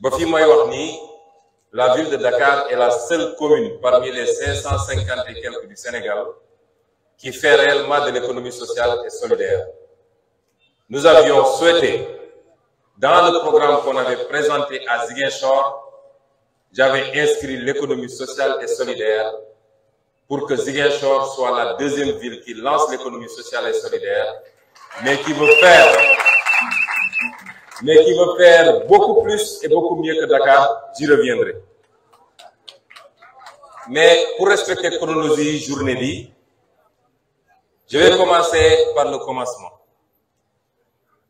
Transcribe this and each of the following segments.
bofi la ville de Dakar est la seule commune parmi les 550 et quelques du Sénégal qui fait réellement de l'économie sociale et solidaire. Nous avions souhaité, dans le programme qu'on avait présenté à Ziguinchor, j'avais inscrit l'économie sociale et solidaire pour que Ziguinchor soit la deuxième ville qui lance l'économie sociale et solidaire, mais qui veut faire mais qui veut faire beaucoup plus et beaucoup mieux que Dakar, j'y reviendrai. Mais pour respecter chronologie, journée je vais commencer par le commencement.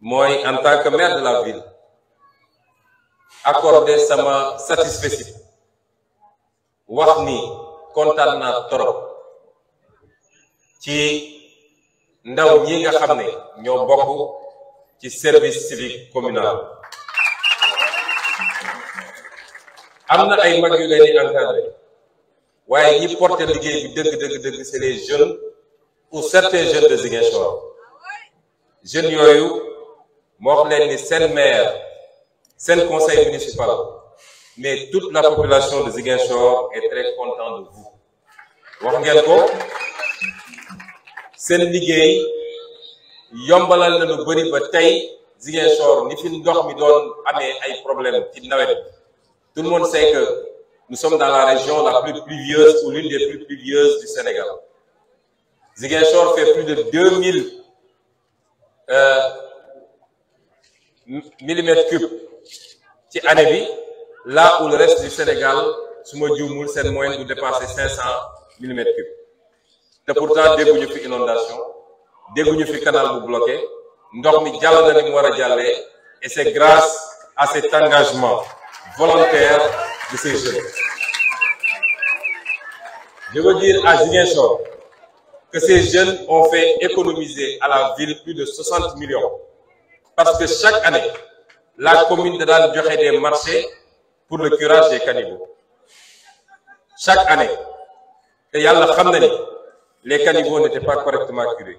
Moi, en tant que maire de la ville, accorder sa satisfaction. ni ci service civique communal Amna ay mag yu leen di encadré waaye ñi porté liggéey bi dëgg les jeunes ou certains jeunes de Ziguinchor jeunes yooyu moo xam leen ni seen maire seen conseil municipal mais toute la population de Ziguinchor est très contente de vous wax ngeen ko seen liggéey yombalal ni mi ay problème tout le monde sait que nous sommes dans la région la plus pluvieuse ou l'une des plus pluvieuses du Sénégal Ziguinchor fait plus de 2000 euh, millimètres cubes ci année bi là où le reste du Sénégal suma ma sen le moyenne de dépasser 500 millimètres cubes te pourtant des fi inondation fi canal bu bloqué ndox mi et c'est grâce à cet engagement volontaire de ces jeunes. Je veux dire à Chor que ces jeunes ont fait économiser à la ville plus de 60 millions parce que chaque année, la commune de la joxe des marchés pour le curage des canibaux. Chaque année, la la les canibaux n'étaient pas correctement curés.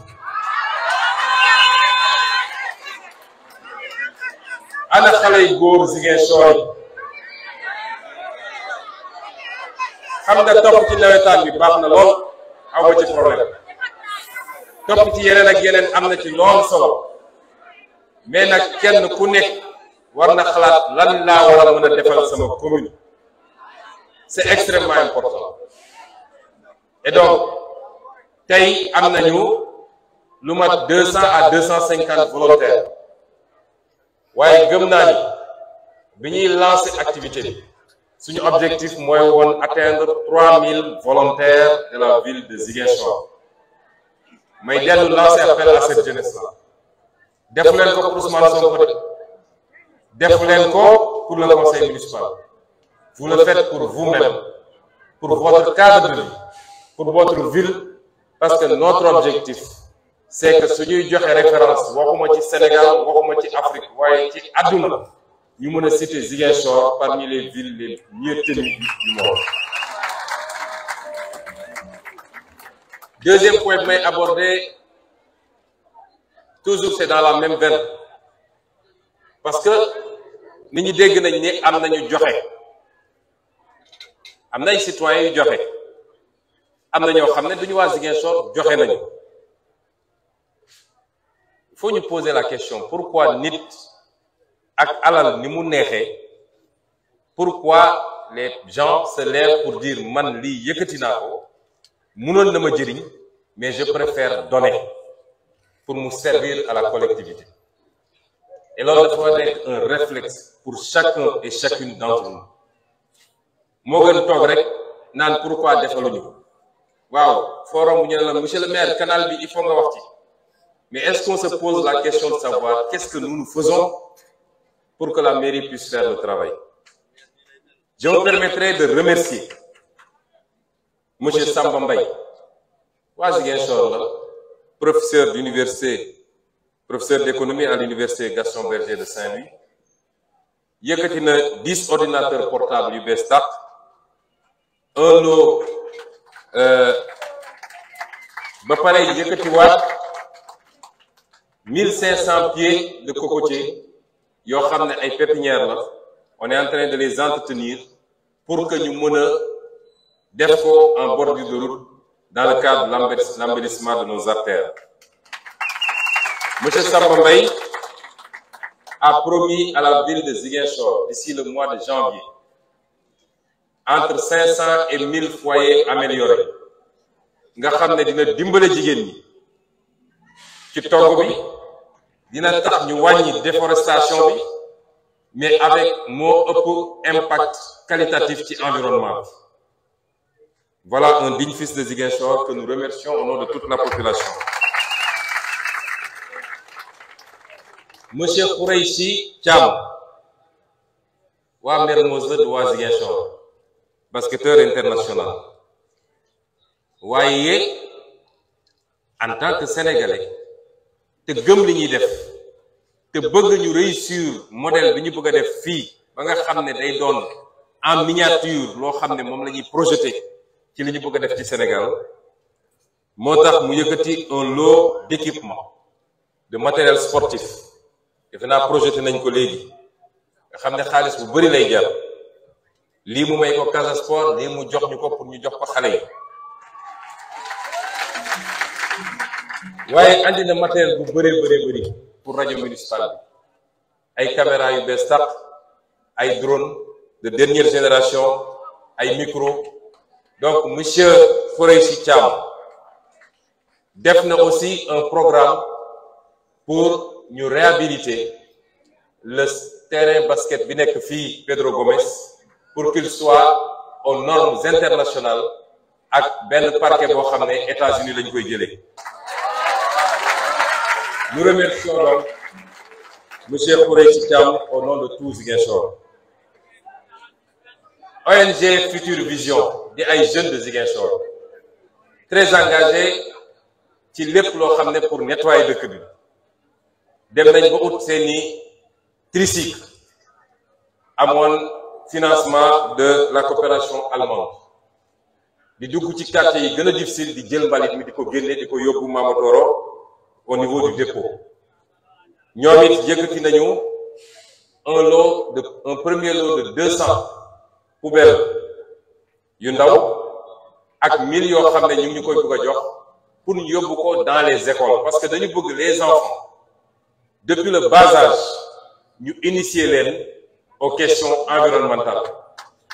ana xalé goor ci Ziguinchor yi xam nga top ci nawetaan bi baax na lool aw ba ci problème top ci yeneen ak yeneen am na ci lool solo mais nag kenn ku nekk war na xalaat lan laa war a mën a defal sama commune c'est extrêmement important et donc tey am nañu lu mat deux à 250 volontaires. Oui, oh, gëm naa ni lancer activité C'est suñu objectif mooy woon atteindre 3000 volontaires de la ville de Ziguinchor may dellu lancer appel à cette jeunesse là defu le pour Ousmane Sonko defu ko pour le conseil municipal vous le faites pour vous-même pour votre cadre de vie pour votre ville parce que notre objectif c'est que suñuy une référence waxuma Sénégal waxuma Afrique citer Ziguinchor parmi les villes les mieux tenues du monde. deuxième point mais aborder toujours c'est dans la même veine parce que nous dégg nañ ni am nañu citoyens il faut nous poser la question pourquoi nit ak alal ni mu neexee pourquoi les gens se lèvent pour dire man li yëkkati naa ko mënoon na ma jëriñ mais je préfère donner pour me servir à la collectivité et il faut être un réflexe pour chacun et chacune d'entre nous moo gën toog rek naan pourquoi defaluñu ko waaw forum bu ñu ne monsieur le maire canal bi il faut nga wax mais est-ce qu'on se pose la question de savoir qu'est-ce que nous nous faisons pour que la mairie puisse faire le travail Je vous permettrai de remercier M. Sambambay, professeur d'université, professeur d'économie à l'université Gaston Berger de Saint-Louis. Il y a 10 ordinateurs portables du Bestat, un lot, 1500 pieds de cocotiers yoo et pépinières on est en train de les entretenir pour que nous menions des en bordure de route dans le cadre de l'embellissement de nos artères monsieur Samba a promis à la ville de Ziguinchor d'ici le mois de janvier entre 500 et 1000 foyers améliorés nga xam ne dina avons jigéen ñi ci togg bi dina tax ñu déforestation mais avec un impact qualitatif sur l'environnement. voilà un bénéfice de Ziguinchor que nous remercions au nom de toute la population monsieur Khoureychi Thiam wa basketteur international en tant que sénégalais te gëm li ñuy def te bëgg ñu réussir modèle bi ñu bëgg a def fii ba nga xam ne day doon en miniature loo xam ne moom lañuy projeté ci li ñu bëgg a def ci Sénégal moo tax mu yëkkati un lot d'équipement de matériel sportif defe naa projeté nañ ko léegi nga xam ne xaalis bu bëri lay jar lii mu may ko Casa Sport lii mu jox ñu ko pour ñu jox ko xale yi. waaye andi matériel bu pour radio municipal ay caméra yu drone de dernière génération ay micro donc monsieur Foreysi cham aussi un programme pour nous réhabiliter le terrain basket bi nek Pedro Gomez pour qu'il soit aux normes internationales ak parquet États-Unis lañ koy nous remercions donc monsieur Khoureychi au nom de tous les Ziguinchor ONG Future Vision des jeunes de Ziguinchor très engagés qui lépp lo pour nettoyer le bi dem nañ ba ut seeni tricycle mon financement de la coopération allemande les deux difficile au niveau du dépôt Nous avons un lot premier lot de 200 poubelles yu ndaw ak mille de pour dans les écoles parce que dañu les enfants depuis le bas âge nous initier aux questions environnementales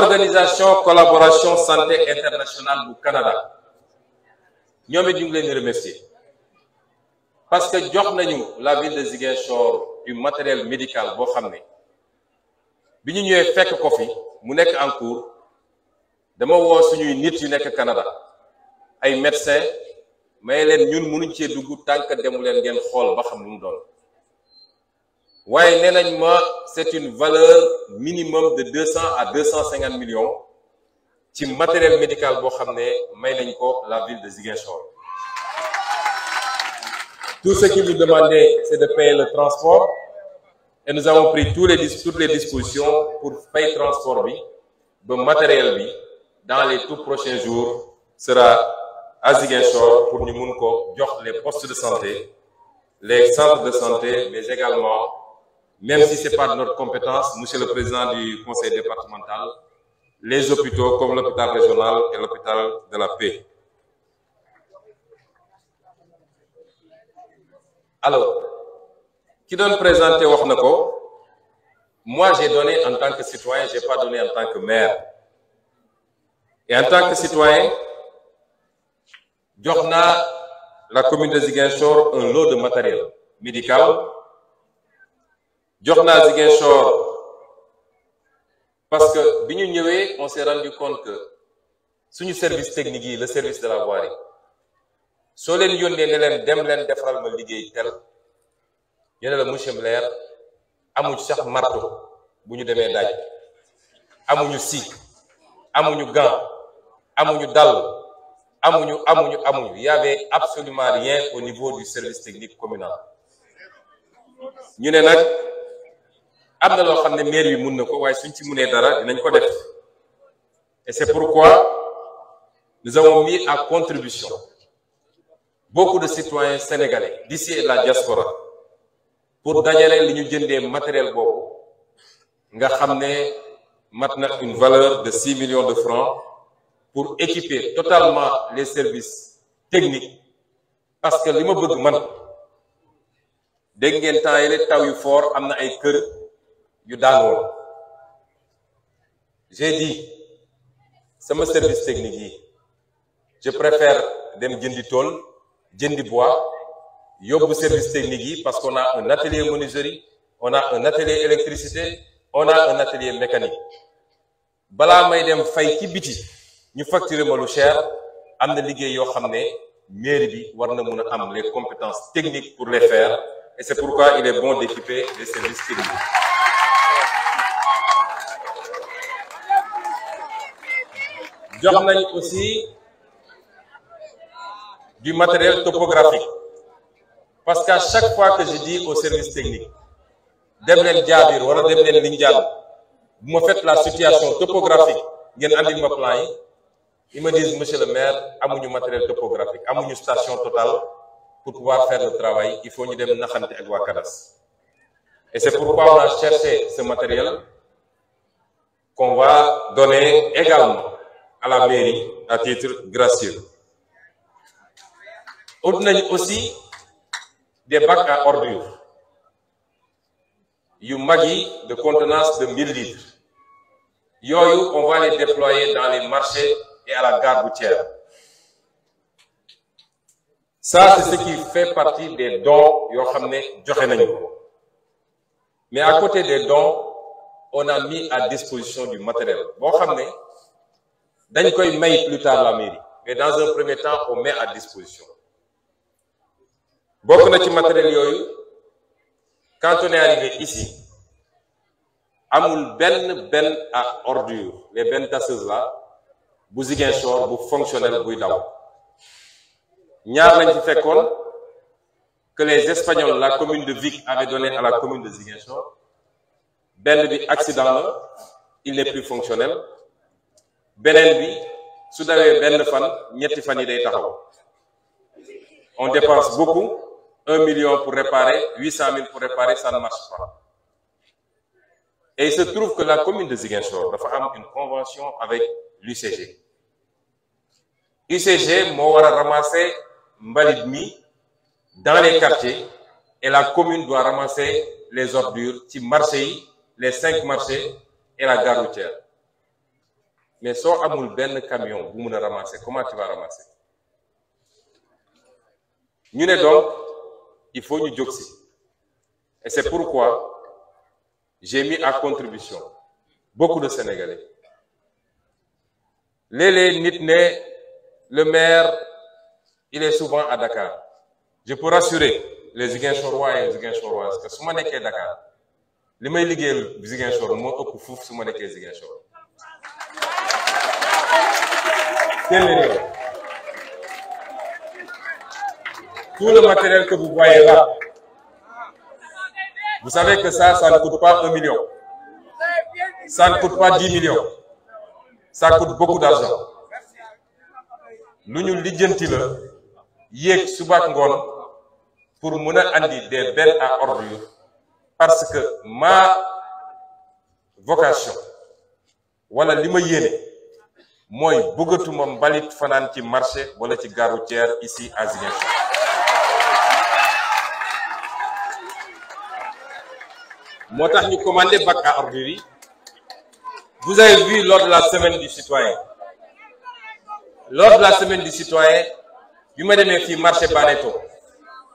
organisation collaboration santé internationale du Canada nous sommes ñu remercier parce que nous nañu la ville de Ziguinchor du matériel médical Nous nous fait bi ñu ñëwee fekk ko fi en cours nous woo suñuy nit yu Canada ay médecins mais leen ñun mënuñ cee dugg tant demu leen ngeen c'est une valeur minimum de 200 à 250 millions millions matériel médical va la ville de Ziguinchor tout ce qui vous demandait c'est de payer le transport et nous avons pris les toutes les dispositions pour payer le transport le matériel dans les tout prochains jours sera à Ziguinchor pour nous les postes de santé les centres de santé mais également même si ce n'est pas de notre compétence, Monsieur le Président du Conseil départemental, les hôpitaux comme l'hôpital régional et l'hôpital de la paix. Alors, qui donne présenter Wachnako Moi, j'ai donné en tant que citoyen, je n'ai pas donné en tant que maire. Et en tant que citoyen, Djorna, la commune de Ziguinchor, un lot de matériel médical, jox naa Ziguinchor parce que bi ñu ñëwee on s'est rendu compte que suñu service technique yi le service de la voirie soo les yónnee ne leen dem leen defaral ma liggéey tel ñu ne la monsieur Blair amuñu sax marteau bu ñu demee daaj amuñu si amuñu gant amuñu dàll amuñu amuñu amuñu y avait absolument rien au niveau du service technique communal ñu ne nag maire suñ et c'est pourquoi nous avons mis en contribution beaucoup de citoyens sénégalais d'ici la diaspora pour donner li ñu matériel bobu nga xamné une valeur de 6 millions de francs pour équiper totalement les services techniques parce que lima bëgg man dégg ngeen temps yële taw yu fort yu j'ai dit mon service technique je préfère dem tol, tool jëndi bois yóbbu service technique yi parce qu'on a un atelier menuiserie on a un atelier électricité on a un atelier mécanique Bala may dem fay ci biti ñu facturer ma lu cher am na liggéey yoo mairie bi war am les compétences techniques pour les faire et c'est pourquoi il est bon d'équiper les services techniques J'en aussi du matériel topographique parce qu'à chaque fois que je dis au service technique vous leen la situation topographique plan ils me disent monsieur le maire du matériel topographique une station totale pour pouvoir faire le travail il faut ñu dem ayons ak waa et c'est pourquoi on a cherché ce matériel qu'on va donner également à la mairie à titre gracieux. On a aussi des bacs à ordures a magie de contenance de 1000 litres on va les déployer dans les marchés et à la gare routière ça c'est ce qui fait partie des dons que nous mais à côté des dons on a mis à disposition du matériel dañ il met plus tard la mairie mais dans un premier temps on met à disposition quand on est arrivé ici amul benn une à ordure les bennes tasseuses là bu Ziguinchor bu fonctionnel buy daw ñaar lañ ci fait que les Espagnols la commune de Vic avait donné à la commune de Ziguinchor accident il n'est plus fonctionnel on dépense beaucoup un million pour réparer huit 000 pour réparer ça ne marche pas et il se trouve que la commune de Ziguinchor a am une convention avec l'UCG L'UCG va ramassé ramasser dans les quartiers et la commune doit ramasser les ordures ci Marseille, les cinq marchés et la gare routière mais soo amul un camion bu mun ramasser comment tu vas ramasser Nous, ne donc il faut du dioxyde. et c'est pourquoi j'ai mis à contribution beaucoup de Sénégalais Lélé Nitné, le maire il est souvent à Dakar je peux rassurer les Ziguinchorois et les parce que je suis à Dakar les may liggéeyal les moo ëpp fuuf su tout le matériel que vous voyez là vous savez que ça ça ne coûte pas un million ça ne coûte pas 10 millions ça coûte beaucoup d'argent Nous nous pour nous des à ordures parce que ma vocation voilà, li les mooy bëggatuma mbalit fanaan ci marché wala ci gare routière ici à Ziguinchor motax tax ñu commandé bac à vous avez vu lors de la semaine du citoyen lors de la semaine du citoyen bi ma demee fii marché Baneto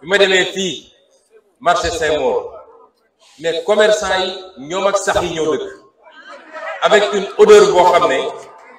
bi ma demee fii marché Saint-Maur mais commerçants yi ñom ak sax yi ñeu avec une odeur bo xamné